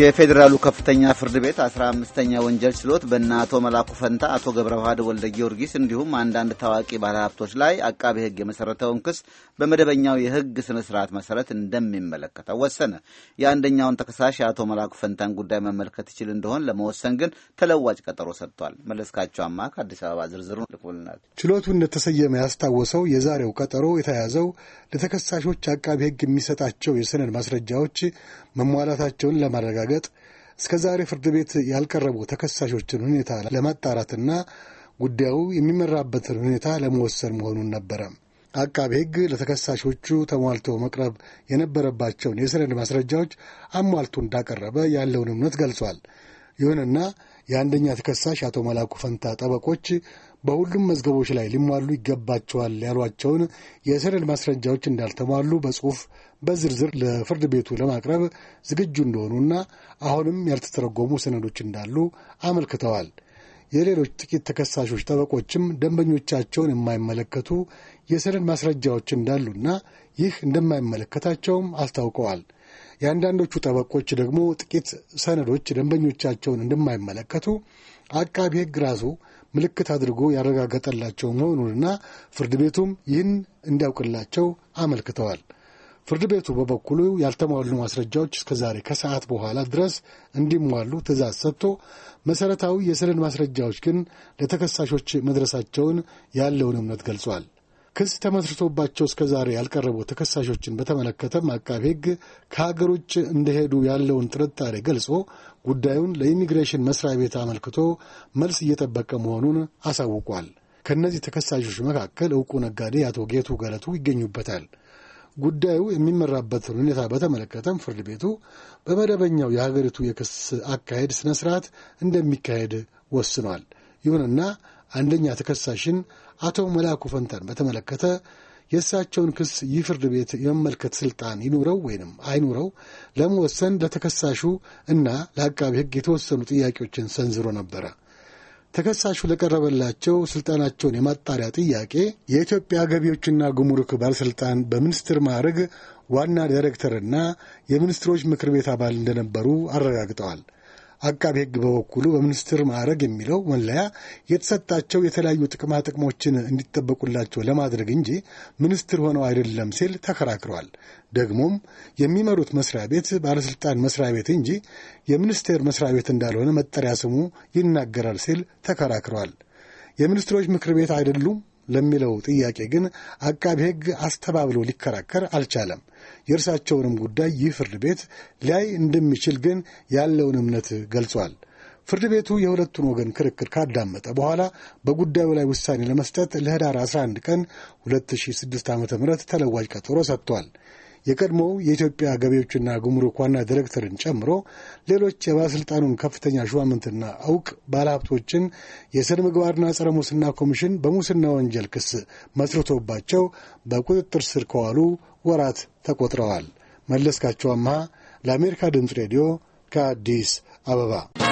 የፌዴራሉ ከፍተኛ ፍርድ ቤት 15ኛ ወንጀል ችሎት በእነ አቶ መላኩ ፈንታ፣ አቶ ገብረዋህድ ወልደ ጊዮርጊስ እንዲሁም አንዳንድ ታዋቂ ባለሀብቶች ላይ አቃቢ ሕግ የመሠረተውን ክስ በመደበኛው የሕግ ስነ ስርዓት መሠረት እንደሚመለከተው ወሰነ። የአንደኛውን ተከሳሽ የአቶ መላኩ ፈንታን ጉዳይ መመልከት ይችል እንደሆን ለመወሰን ግን ተለዋጭ ቀጠሮ ሰጥቷል። መለስካቸው አማ ከአዲስ አበባ ዝርዝሩን ልኮልናል። ችሎቱ እንደተሰየመ ያስታወሰው የዛሬው ቀጠሮ የተያዘው ለተከሳሾች አቃቢ ሕግ የሚሰጣቸው የሰነድ ማስረጃዎች መሟ መዋላታቸውን ለማረጋገጥ እስከ ዛሬ ፍርድ ቤት ያልቀረቡ ተከሳሾችን ሁኔታ ለማጣራትና ጉዳዩ የሚመራበትን ሁኔታ ለመወሰን መሆኑን ነበረ። አቃቤ ሕግ ለተከሳሾቹ ተሟልቶ መቅረብ የነበረባቸውን የሰነድ ማስረጃዎች አሟልቶ እንዳቀረበ ያለውን እምነት ገልጿል። ይሁንና የአንደኛ ተከሳሽ አቶ መላኩ ፈንታ ጠበቆች በሁሉም መዝገቦች ላይ ሊሟሉ ይገባቸዋል ያሏቸውን የሰነድ ማስረጃዎች እንዳልተሟሉ በጽሁፍ በዝርዝር ለፍርድ ቤቱ ለማቅረብ ዝግጁ እንደሆኑና አሁንም ያልተተረጎሙ ሰነዶች እንዳሉ አመልክተዋል። የሌሎች ጥቂት ተከሳሾች ጠበቆችም ደንበኞቻቸውን የማይመለከቱ የሰነድ ማስረጃዎች እንዳሉና ይህ እንደማይመለከታቸውም አስታውቀዋል። የአንዳንዶቹ ጠበቆች ደግሞ ጥቂት ሰነዶች ደንበኞቻቸውን እንደማይመለከቱ አቃቢ ሕግ ራሱ ምልክት አድርጎ ያረጋገጠላቸው መሆኑንና ፍርድ ቤቱም ይህን እንዲያውቅላቸው አመልክተዋል። ፍርድ ቤቱ በበኩሉ ያልተሟሉ ማስረጃዎች እስከ ዛሬ ከሰዓት በኋላ ድረስ እንዲሟሉ ትእዛዝ ሰጥቶ መሠረታዊ የሰነድ ማስረጃዎች ግን ለተከሳሾች መድረሳቸውን ያለውን እምነት ገልጿል። ክስ ተመስርቶባቸው እስከ ዛሬ ያልቀረቡ ተከሳሾችን በተመለከተም አቃቤ ሕግ ከሀገር ውጭ እንደሄዱ ያለውን ጥርጣሬ ገልጾ ጉዳዩን ለኢሚግሬሽን መስሪያ ቤት አመልክቶ መልስ እየጠበቀ መሆኑን አሳውቋል። ከእነዚህ ተከሳሾች መካከል እውቁ ነጋዴ አቶ ጌቱ ገለቱ ይገኙበታል። ጉዳዩ የሚመራበትን ሁኔታ በተመለከተም ፍርድ ቤቱ በመደበኛው የሀገሪቱ የክስ አካሄድ ስነ ስርዓት እንደሚካሄድ ወስኗል። ይሁንና አንደኛ ተከሳሽን አቶ መላኩ ፈንታን በተመለከተ የእሳቸውን ክስ ይህ ፍርድ ቤት የመመልከት ስልጣን ይኑረው ወይንም አይኑረው ለመወሰን ለተከሳሹ እና ለአቃቢ ሕግ የተወሰኑ ጥያቄዎችን ሰንዝሮ ነበረ። ተከሳሹ ለቀረበላቸው ስልጣናቸውን የማጣሪያ ጥያቄ የኢትዮጵያ ገቢዎችና ጉምሩክ ባለሥልጣን በሚኒስትር ማዕረግ ዋና ዳይሬክተርና የሚኒስትሮች ምክር ቤት አባል እንደነበሩ አረጋግጠዋል። አቃቢ ሕግ በበኩሉ በሚኒስትር ማዕረግ የሚለው መለያ የተሰጣቸው የተለያዩ ጥቅማ ጥቅሞችን እንዲጠበቁላቸው ለማድረግ እንጂ ሚኒስትር ሆነው አይደለም ሲል ተከራክሯል። ደግሞም የሚመሩት መስሪያ ቤት ባለስልጣን መስሪያ ቤት እንጂ የሚኒስቴር መስሪያ ቤት እንዳልሆነ መጠሪያ ስሙ ይናገራል ሲል ተከራክሯል። የሚኒስትሮች ምክር ቤት አይደሉም ለሚለው ጥያቄ ግን አቃቤ ሕግ አስተባብሎ ሊከራከር አልቻለም። የእርሳቸውንም ጉዳይ ይህ ፍርድ ቤት ሊያይ እንደሚችል ግን ያለውን እምነት ገልጿል። ፍርድ ቤቱ የሁለቱን ወገን ክርክር ካዳመጠ በኋላ በጉዳዩ ላይ ውሳኔ ለመስጠት ለህዳር 11 ቀን 2006 ዓ ም ተለዋጭ ቀጠሮ ሰጥቷል። የቀድሞው የኢትዮጵያ ገቢዎችና ጉምሩክ ዋና ዲሬክተርን ጨምሮ ሌሎች የባለሥልጣኑን ከፍተኛ ሹማምንትና እውቅ ባለሀብቶችን የሥነ ምግባርና ጸረ ሙስና ኮሚሽን በሙስና ወንጀል ክስ መስርቶባቸው በቁጥጥር ስር ከዋሉ ወራት ተቆጥረዋል። መለስካቸው አምሃ ለአሜሪካ ድምፅ ሬዲዮ ከአዲስ አበባ